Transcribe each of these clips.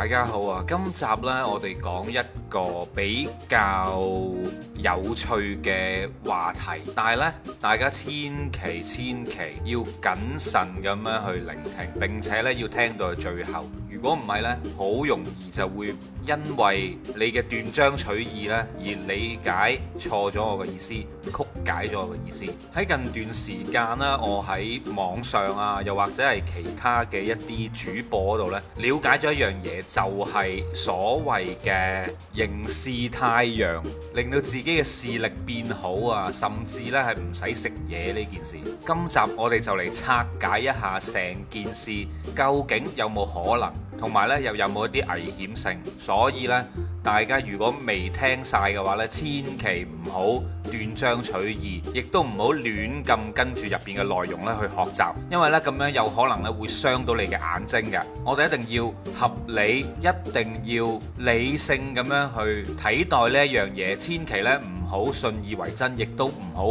大家好啊！今集呢，我哋講一個比較有趣嘅話題，但係呢，大家千祈千祈要謹慎咁樣去聆聽，並且呢，要聽到最後。如果唔係呢，好容易就會。因為你嘅斷章取義咧，而理解錯咗我嘅意思，曲解咗我嘅意思。喺近段時間啦，我喺網上啊，又或者係其他嘅一啲主播度咧，瞭解咗一樣嘢，就係、是、所謂嘅凝視太陽，令到自己嘅視力變好啊，甚至咧係唔使食嘢呢件事。今集我哋就嚟拆解一下成件事究竟有冇可能。同埋呢，又有冇一啲危險性？所以呢。大家如果未聽晒嘅話咧，千祈唔好斷章取義，亦都唔好亂咁跟住入邊嘅內容咧去學習，因為咧咁樣有可能咧會傷到你嘅眼睛嘅。我哋一定要合理，一定要理性咁樣去睇待呢一樣嘢，千祈咧唔好信以為真，亦都唔好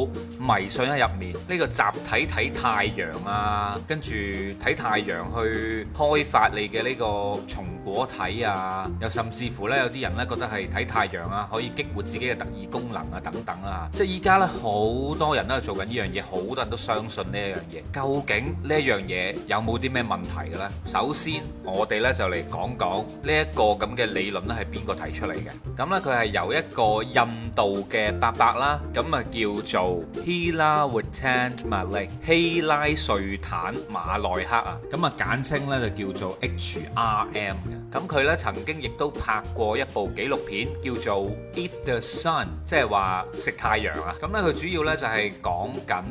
迷信喺入面。呢個集體睇太陽啊，跟住睇太陽去開發你嘅呢個鬆果體啊，又甚至乎咧有啲人。覺得係睇太陽啊，可以激活自己嘅特異功能啊，等等啦，即係依家咧好多人都係做緊呢樣嘢，好多人都相信呢一樣嘢。究竟呢一樣嘢有冇啲咩問題咧？首先，我哋咧就嚟講講呢一個咁嘅理論咧係邊個提出嚟嘅？咁咧佢係由一個印度嘅伯伯啦，咁啊叫做希拉瑞坦馬力希拉瑞坦馬奈克啊，咁啊簡稱咧就叫做 HRM。咁佢呢曾經亦都拍過一部紀錄片，叫做《Eat the Sun》即，即係話食太陽啊！咁呢佢主要呢就係講緊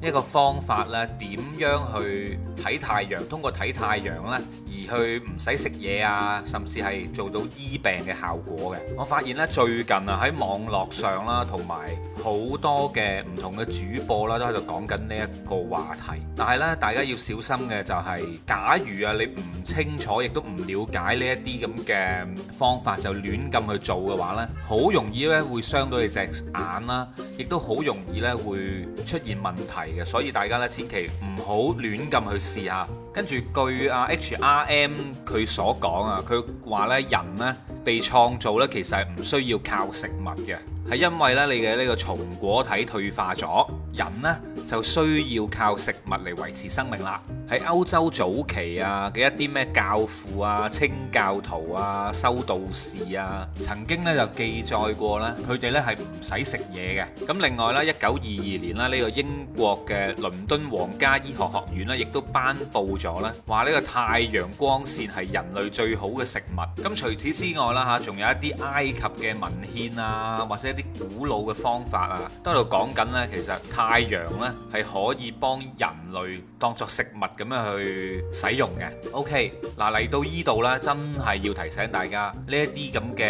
一個方法啦，點樣去睇太陽，通過睇太陽呢，而去唔使食嘢啊，甚至係做到醫病嘅效果嘅。我發現呢，最近啊喺網絡上啦，同埋，好多嘅唔同嘅主播啦，都喺度講緊呢一個話題。但係咧，大家要小心嘅就係、是，假如啊你唔清楚亦都唔了解呢一啲咁嘅方法，就亂咁去做嘅話呢，好容易咧會傷到你隻眼啦，亦都好容易咧會出現問題嘅。所以大家呢，千祈唔好亂咁去試下。跟住據阿 H R M 佢所講啊，佢話呢，人呢，被創造呢，其實係唔需要靠食物嘅。係因為咧，你嘅呢個松果體退化咗，人呢就需要靠食物嚟維持生命啦。喺歐洲早期啊嘅一啲咩教父啊、清教徒啊、修道士啊，曾經咧就記載過咧，佢哋咧係唔使食嘢嘅。咁另外咧，一九二二年啦，呢個英國嘅倫敦皇家醫學學院咧，亦都頒布咗咧，話呢個太陽光線係人類最好嘅食物。咁除此之外啦嚇，仲有一啲埃及嘅文獻啊，或者一啲古老嘅方法啊，都喺度講緊咧，其實太陽咧係可以幫人類當作食物嘅。咁樣去使用嘅。OK，嗱，嚟到依度呢，真係要提醒大家呢，一啲咁嘅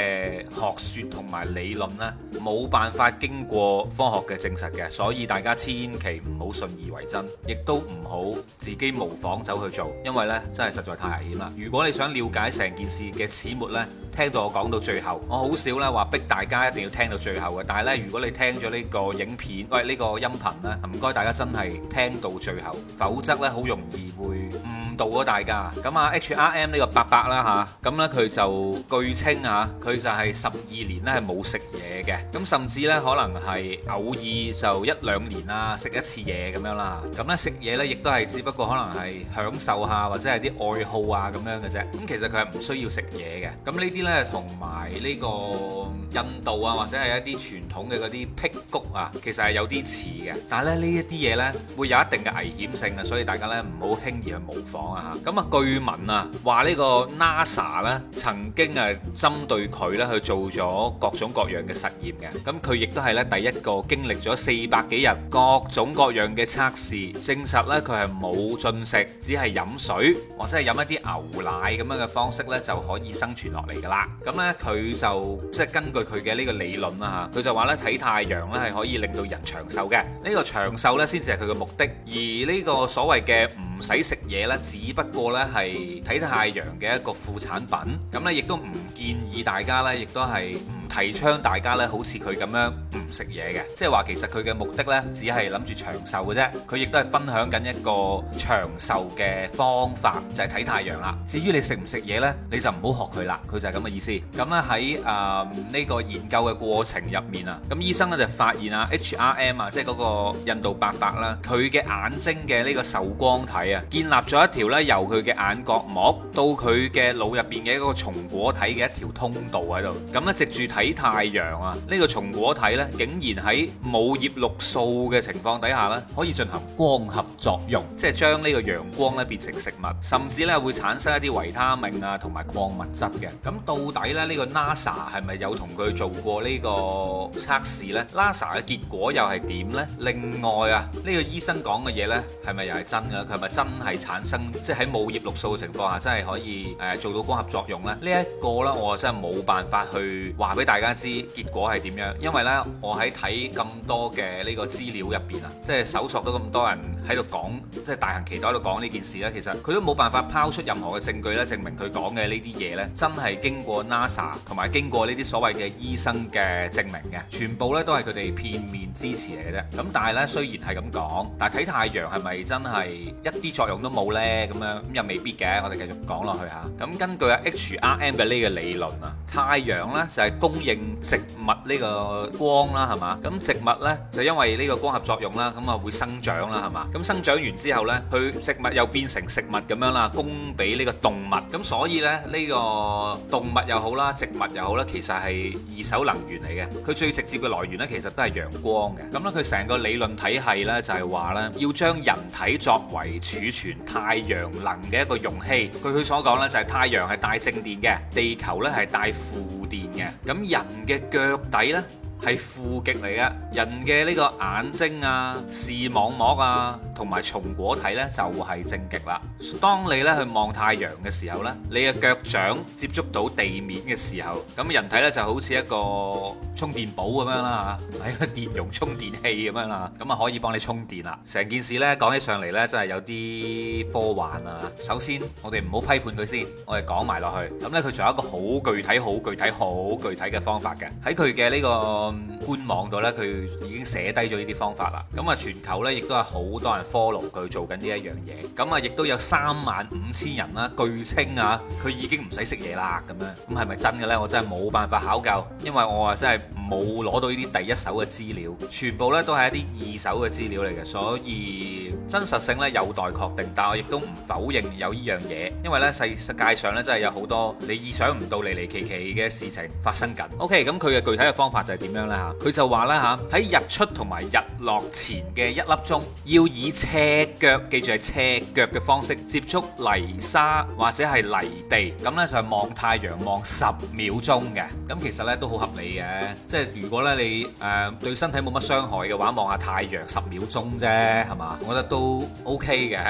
學説同埋理論呢，冇辦法經過科學嘅證實嘅，所以大家千祈唔好信以為真，亦都唔好自己模仿走去做，因為呢真係實在太危險啦。如果你想了解成件事嘅始末呢，聽到我講到最後，我好少呢話逼大家一定要聽到最後嘅。但係呢，如果你聽咗呢個影片，喂，呢個音頻呢，唔該大家真係聽到最後，否則呢，好容易。而會誤導咗大家。咁啊，HRM 呢個伯伯啦吓，咁呢佢就據稱啊，佢就係十二年呢係冇食嘢嘅。咁甚至呢可能係偶爾就一兩年啦，食一次嘢咁樣啦。咁呢食嘢呢亦都係只不過可能係享受下或者係啲愛好啊咁樣嘅啫。咁其實佢係唔需要食嘢嘅。咁呢啲呢同埋呢個印度啊或者係一啲傳統嘅嗰啲辟穀啊，其實係有啲似嘅。但係呢呢一啲嘢呢會有一定嘅危險性嘅，所以大家呢唔。好輕易去模仿啊！咁啊，據聞啊，話呢個 NASA 咧曾經啊針對佢咧去做咗各種各樣嘅實驗嘅，咁佢亦都係咧第一個經歷咗四百幾日各種各樣嘅測試，證實咧佢係冇進食，只係飲水或者係飲一啲牛奶咁樣嘅方式咧就可以生存落嚟㗎啦。咁咧佢就即係根據佢嘅呢個理論啦吓，佢就話咧睇太陽咧係可以令到人長壽嘅，呢個長壽咧先至係佢嘅目的，而呢個所謂嘅唔。唔使食嘢啦，只不過咧係睇太陽嘅一個副產品，噉呢亦都唔建議大家呢，亦都係提倡大家咧，好似佢咁樣唔食嘢嘅，即係話其實佢嘅目的呢，只係諗住長壽嘅啫。佢亦都係分享緊一個長壽嘅方法，就係、是、睇太陽啦。至於你食唔食嘢呢，你就唔好學佢啦。佢就係咁嘅意思。咁咧喺誒呢個研究嘅過程入面啊，咁醫生咧就發現啊，H R M 啊，即係嗰個印度伯伯啦，佢嘅眼睛嘅呢個受光體啊，建立咗一條呢由佢嘅眼角膜到佢嘅腦入邊嘅一個松果體嘅一條通道喺度。咁、嗯、咧藉住睇。睇太陽啊，呢個松果體咧，竟然喺冇葉綠素嘅情況底下咧，可以進行光合作用，即係將呢個陽光咧變成食物，甚至咧會產生一啲維他命啊同埋礦物質嘅。咁到底咧，呢個 NASA 係咪有同佢做過呢個測試咧？NASA 嘅結果又係點咧？另外啊，呢個醫生講嘅嘢咧，係咪又係真嘅？佢係咪真係產生，即係喺冇葉綠素嘅情況下真係可以，誒、呃、做到光合作用咧？呢一個咧，我真係冇辦法去話俾大大家知結果係點樣。因為呢，我喺睇咁多嘅呢個資料入邊啊，即係搜索到咁多人喺度講，即係大行其道喺度講呢件事咧。其實佢都冇辦法拋出任何嘅證據咧，證明佢講嘅呢啲嘢呢，真係經過 NASA 同埋經過呢啲所謂嘅醫生嘅證明嘅，全部呢，都係佢哋片面支持嚟嘅啫。咁但係呢，雖然係咁講，但係睇太陽係咪真係一啲作用都冇呢？咁樣咁又未必嘅。我哋繼續講落去嚇。咁根據阿 HRM 嘅呢個理論啊，太陽呢就係供應植，植物呢個光啦，係嘛？咁植物呢就因為呢個光合作用啦，咁啊會生長啦，係嘛？咁生長完之後呢，佢植物又變成食物咁樣啦，供俾呢個動物。咁所以呢，呢、這個呢個動物又好啦，植物又好啦，其實係二手能源嚟嘅。佢最直接嘅來源呢，其實都係陽光嘅。咁咧，佢成個理論體系呢，就係話呢，要將人體作為儲存太陽能嘅一個容器。據佢所講呢，就係、係、太陽係帶正電嘅，地球呢係帶負電嘅。咁。人嘅腳底咧，係負極嚟嘅，人嘅呢個眼睛啊、視網膜啊，同埋松果體呢，就係正極啦。當你呢去望太陽嘅時候呢，你嘅腳掌接觸到地面嘅時候，咁人體呢就好似一個充電寶咁樣啦嚇，喺個電容充電器咁樣啦，咁啊可以幫你充電啦。成件事呢講起上嚟呢，真係有啲科幻啊。首先我哋唔好批判佢先，我哋講埋落去。咁呢，佢仲有一個好具體、好具體、好具體嘅方法嘅，喺佢嘅呢個。官、嗯、網度咧，佢已經寫低咗呢啲方法啦。咁、嗯、啊，全球咧亦都係好多人 follow 佢做緊呢一樣嘢。咁啊，亦都有三、嗯、萬五千人啦，據稱啊，佢已經唔使食嘢啦咁樣。咁係咪真嘅呢？我真係冇辦法考究，因為我啊真係冇攞到呢啲第一手嘅資料，全部呢，都係一啲二手嘅資料嚟嘅，所以真實性呢，有待確定。但我亦都唔否認有呢樣嘢，因為呢，世世界上呢，真係有好多你意想唔到離離其其嘅事情發生緊。OK，咁佢嘅具體嘅方法就係點樣？佢就話啦吓，喺日出同埋日落前嘅一粒鐘，要以赤腳，記住係赤腳嘅方式接觸泥沙或者係泥地，咁呢就係望太陽望十秒鐘嘅。咁其實呢都好合理嘅，即係如果呢你誒對身體冇乜傷害嘅話，望下太陽十秒鐘啫，係嘛？我覺得都 OK 嘅。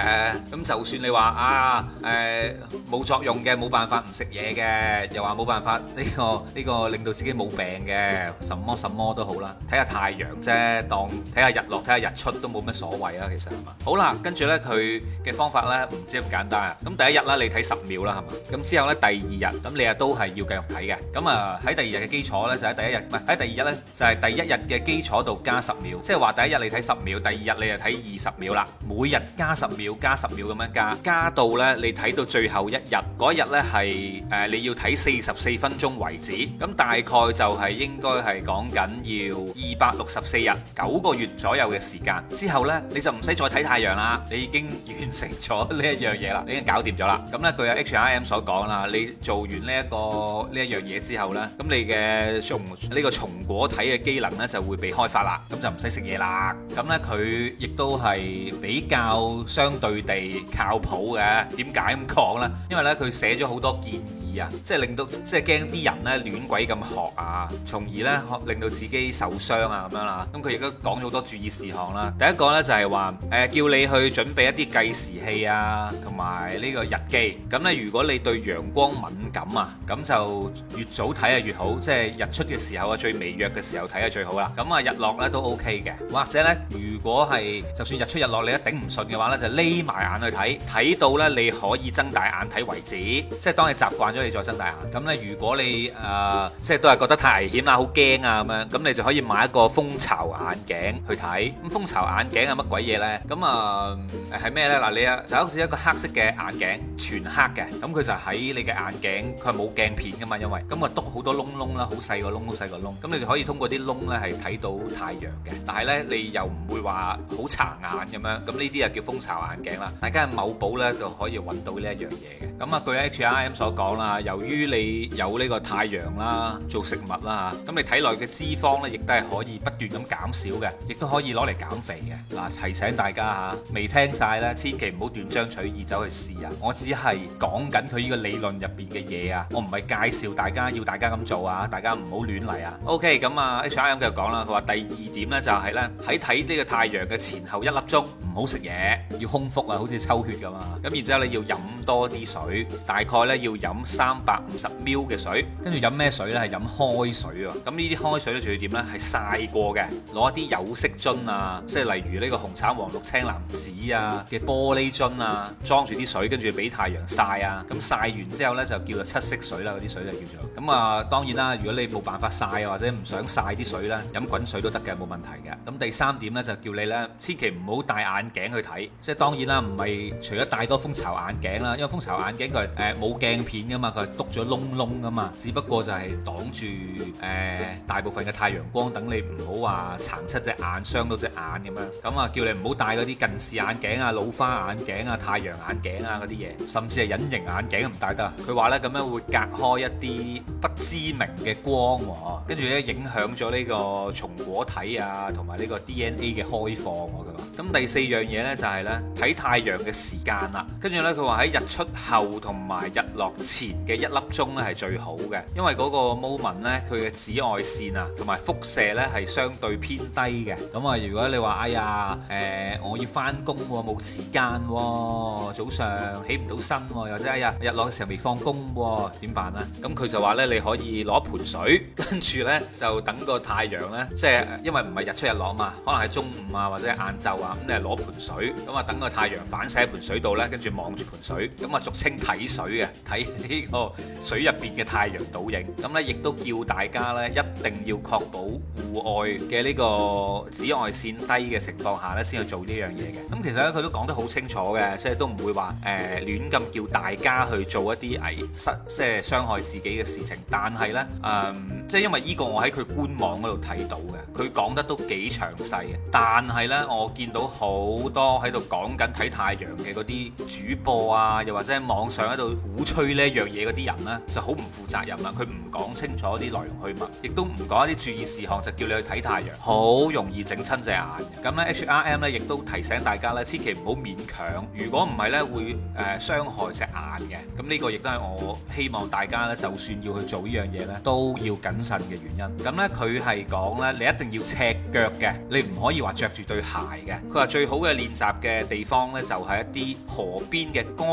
咁就算你話啊誒冇作用嘅，冇辦法唔食嘢嘅，又話冇辦法呢個呢個令到自己冇病嘅，什麼？什麼都好啦，睇下太陽啫，當睇下日落，睇下日出都冇乜所謂啊，其實係嘛？好啦，跟住咧佢嘅方法咧唔知咁簡單啊。咁第一日啦，你睇十秒啦，係嘛？咁之後咧第二日，咁你啊都係要繼續睇嘅。咁啊喺第二日嘅基礎咧就喺第一日，唔係喺第二日咧就係第一日嘅基礎度加十秒，即係話第一日你睇十秒，第二日你就睇二十秒啦。每日加十秒，加十秒咁樣加，加到咧你睇到最後一日嗰日咧係誒你要睇四十四分鐘為止。咁大概就係應該係講。講緊要二百六十四日九個月左右嘅時間之後呢，你就唔使再睇太陽啦，你已經完成咗呢一樣嘢啦，你已經搞掂咗啦。咁呢據有 H R M 所講啦，你做完呢一個呢一樣嘢之後呢，咁你嘅松呢個松果體嘅機能呢就會被開發啦，咁就唔使食嘢啦。咁呢，佢亦都係比較相對地靠譜嘅。點解咁講呢？因為呢，佢寫咗好多建議。即係令到即係驚啲人咧亂鬼咁學啊，從而咧令到自己受傷啊咁樣啦。咁佢亦都講咗好多注意事項啦。第一個咧就係話誒，叫你去準備一啲計時器啊，同埋呢個日記。咁咧，如果你對陽光敏感啊，咁就越早睇啊越好，即係日出嘅時候啊，最微弱嘅時候睇啊最好啦。咁啊，日落咧都 OK 嘅。或者咧，如果係就算日出日落你都頂唔順嘅話咧，就匿埋眼去睇，睇到咧你可以睜大眼睇為止。即係當你習慣咗。你再生大眼咁咧？如果你誒即係都係覺得太危險啦、好驚啊咁樣，咁你就可以買一個蜂巢眼鏡去睇。咁蜂巢眼鏡係乜鬼嘢咧？咁啊係咩咧？嗱，你啊就好似一個黑色嘅眼鏡，全黑嘅。咁佢就喺你嘅眼鏡，佢係冇鏡片噶嘛，因為咁啊篤好多窿窿啦，好細個窿，好細個窿。咁你就可以通過啲窿咧係睇到太陽嘅。但係咧，你又唔會話好殘眼咁樣。咁呢啲啊叫蜂巢眼鏡啦。大家喺某寶咧就可以揾到呢一樣嘢嘅。咁啊，據 H R M 所講啦。啊！由於你有呢個太陽啦，做食物啦，咁你體內嘅脂肪呢，亦都係可以不斷咁減少嘅，亦都可以攞嚟減肥嘅。嗱、啊，提醒大家嚇，未、啊、聽晒咧，千祈唔好斷章取義走去試啊！我只係講緊佢呢個理論入邊嘅嘢啊，我唔係介紹大家要大家咁做啊，大家唔好亂嚟啊。OK，咁啊，H R 繼續講啦，佢、嗯、話第二點呢、就係，就係呢：喺睇呢個太陽嘅前後一粒鐘唔好食嘢，要空腹啊，好似抽血咁啊。咁然之後咧要飲多啲水，大概呢要飲。三百五十 ml 嘅水，跟住飲咩水咧？係飲開水啊！咁呢啲開水咧，仲要點咧？係曬過嘅，攞一啲有色樽啊，即係例如呢個紅橙黃綠青藍紫啊嘅玻璃樽啊，裝住啲水，跟住俾太陽曬啊！咁曬完之後咧，就叫做七色水啦。嗰啲水就叫做咁啊。當然啦，如果你冇辦法曬或者唔想曬啲水咧，飲滾水都得嘅，冇問題嘅。咁第三點咧，就叫你咧，千祈唔好戴眼鏡去睇，即係當然啦，唔係除咗戴個蜂巢眼鏡啦，因為蜂巢眼鏡佢誒冇鏡片噶嘛。佢係篤咗窿窿㗎嘛，只不過就係擋住誒、呃、大部分嘅太陽光，等你唔好話殘出隻眼傷到隻眼咁樣。咁啊，叫你唔好戴嗰啲近視眼鏡啊、老花眼鏡啊、太陽眼鏡啊嗰啲嘢，甚至係隱形眼鏡唔戴得。佢話呢咁樣會隔開一啲不知名嘅光喎、啊，跟、啊、住呢，影響咗呢個松果體啊同埋呢個 D N A 嘅開放喎、啊，佢話。咁第四樣嘢呢，就係呢睇太陽嘅時間啦，跟住呢，佢話喺日出後同埋日落前嘅一粒鐘呢係最好嘅，因為嗰個 moment 呢，佢嘅紫外線啊同埋輻射呢係相對偏低嘅。咁、嗯、啊，如果你話哎呀誒、呃、我要翻工冇時間喎，早上起唔到身喎，又或者哎呀日落嘅時候未放工喎，點辦呢？咁佢就話呢，你可以攞盆水，跟住呢就等個太陽呢，即係因為唔係日出日落嘛，可能係中午啊或者係晏晝。話咁你係攞盆水，咁、嗯、啊等個太陽反射喺盆水度呢，跟住望住盆水，咁、嗯、啊俗稱睇水嘅，睇呢個水入邊嘅太陽倒影。咁呢亦都叫大家呢，一定要確保戶外嘅呢個紫外線低嘅情況下呢，先去做呢樣嘢嘅。咁、嗯、其實呢，佢都講得好清楚嘅，即係都唔會話誒、呃、亂咁叫大家去做一啲危失，即係傷害自己嘅事情。但係呢，嗯，即係因為呢個我喺佢官網嗰度睇到嘅，佢講得都幾詳細嘅。但係呢，我見到好多喺度講緊睇太陽嘅嗰啲主播啊，又或者喺網上喺度鼓吹呢樣嘢嗰啲人呢，就好唔負責任啦。佢唔講清楚啲內容去脈，亦都唔講一啲注意事項，就叫你去睇太陽，好容易整親隻眼。咁呢 HRM 呢，亦都提醒大家呢，千祈唔好勉強。如果唔係呢，會、呃、誒傷害隻眼嘅。咁呢個亦都係我希望大家呢，就算要去做呢樣嘢呢，都要謹慎嘅原因。咁呢，佢係講呢，你一定要赤腳嘅，你唔可以話着住對鞋嘅。佢話最好嘅練習嘅地方呢，就係一啲河邊嘅乾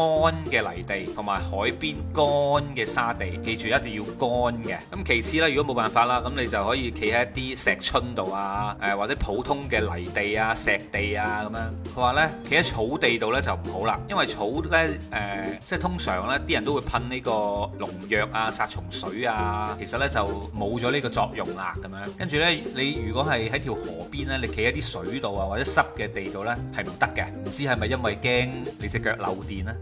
嘅泥地，同埋海邊乾嘅沙地。記住一定要乾嘅。咁其次呢，如果冇辦法啦，咁你就可以企喺一啲石春度啊，誒或者普通嘅泥地啊、石地啊咁樣。佢話呢，企喺草地度呢就唔好啦，因為草呢，誒、呃，即係通常呢啲人都會噴呢個農藥啊、殺蟲水啊，其實呢就冇咗呢個作用啦咁樣。跟住呢，你如果係喺條河邊呢，你企喺啲水度啊，或者濕。嘅地度呢係唔得嘅，唔知係咪因為驚你隻腳漏電呢？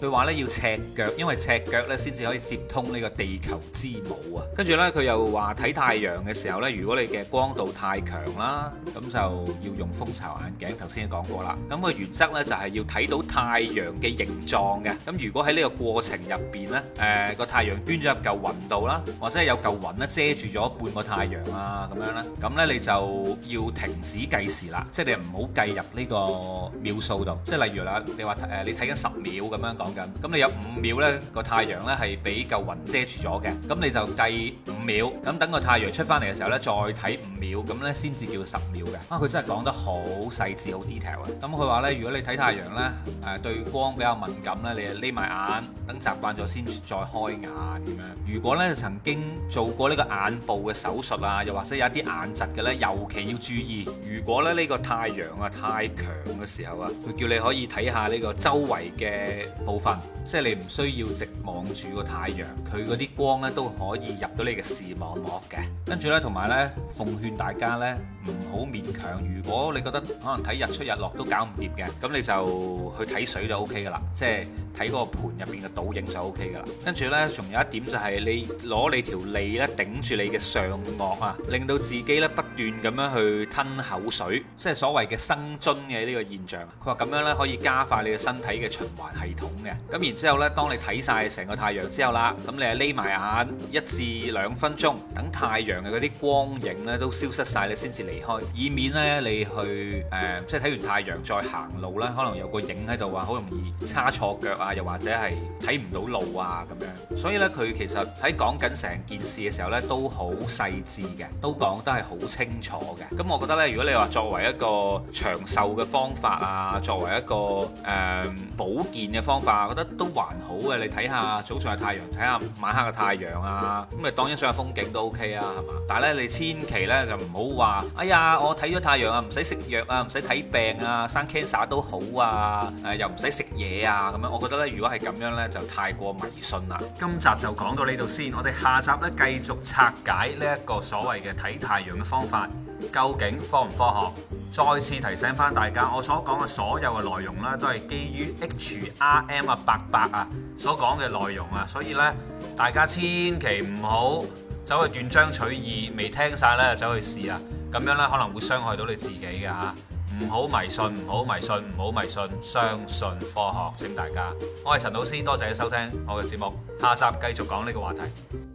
佢話 呢要赤腳，因為赤腳呢先至可以接通呢個地球之母啊。跟住呢，佢又話睇太陽嘅時候呢，如果你嘅光度太強啦，咁就要用蜂巢眼鏡。頭先講過啦，咁個原則呢就係、是、要睇到太陽嘅形狀嘅。咁如果喺呢個過程入邊呢，誒、呃、個太陽捐咗入嚿雲度啦，或者有嚿雲呢遮住咗半個太陽啊，咁樣呢，咁呢你就要停止計時啦，即係你唔。唔好計入呢個秒數度，即係例如啦，你話誒、呃、你睇緊十秒咁樣講緊，咁你有五秒呢個太陽呢，係俾嚿雲遮住咗嘅，咁你就計五秒，咁等個太陽出翻嚟嘅時候呢，再睇五秒，咁呢，先至叫十秒嘅。啊，佢真係講得好細緻，好 detail。咁佢話呢，如果你睇太陽呢，誒、呃、對光比較敏感呢，你就匿埋眼，等習慣咗先再開眼咁樣。如果呢曾經做過呢個眼部嘅手術啊，又或者有一啲眼疾嘅呢，尤其要注意。如果咧呢、呢個太陽陽啊太強嘅時候啊，佢叫你可以睇下呢個周圍嘅部分，即係你唔需要直望住個太陽，佢嗰啲光呢都可以入到你嘅視網膜嘅。跟住呢，同埋呢奉勸大家呢唔好勉強。如果你覺得可能睇日出日落都搞唔掂嘅，咁你就去睇水就 OK 噶啦，即係睇嗰個盤入邊嘅倒影就 OK 噶啦。跟住呢，仲有一點就係你攞你條脷呢頂住你嘅上腭啊，令到自己呢不斷咁樣去吞口水，即係所謂嘅生津嘅呢個現象，佢話咁樣呢可以加快你嘅身體嘅循環系統嘅。咁然之後呢，當你睇晒成個太陽之後啦，咁你係匿埋眼一至兩分鐘，等太陽嘅嗰啲光影呢都消失晒，你先至離開，以免呢，你去誒、呃，即係睇完太陽再行路呢，可能有個影喺度啊，好容易叉錯腳啊，又或者係睇唔到路啊咁樣。所以呢，佢其實喺講緊成件事嘅時候呢，都好細緻嘅，都講得係好清楚嘅。咁我覺得呢，如果你話作為一個長壽嘅方法啊，作為一個誒、呃、保健嘅方法啊，我覺得都還好嘅啊。你睇下早上嘅太陽，睇下晚黑嘅太陽啊，咁、嗯、咪當欣賞嘅風景都 OK 啊，係嘛？但係咧，你千祈咧就唔好話，哎呀，我睇咗太陽啊，唔使食藥啊，唔使睇病啊，生 cancer 都好啊，誒又唔使食嘢啊，咁、嗯、樣我覺得咧，如果係咁樣咧，就太過迷信啦。今集就講到呢度先，我哋下集咧繼續拆解呢一個所謂嘅睇太陽嘅方法，究竟科唔科學？再次提醒翻大家，我所講嘅所有嘅內容啦，都係基於 HRM 啊，伯伯啊所講嘅內容啊，所以呢，大家千祈唔好走去斷章取義，未聽曬呢走去試啊，咁樣呢可能會傷害到你自己嘅吓，唔好迷信，唔好迷信，唔好迷信，相信科學。請大家，我係陳老師，多謝你收聽我嘅節目，下集繼續講呢個話題。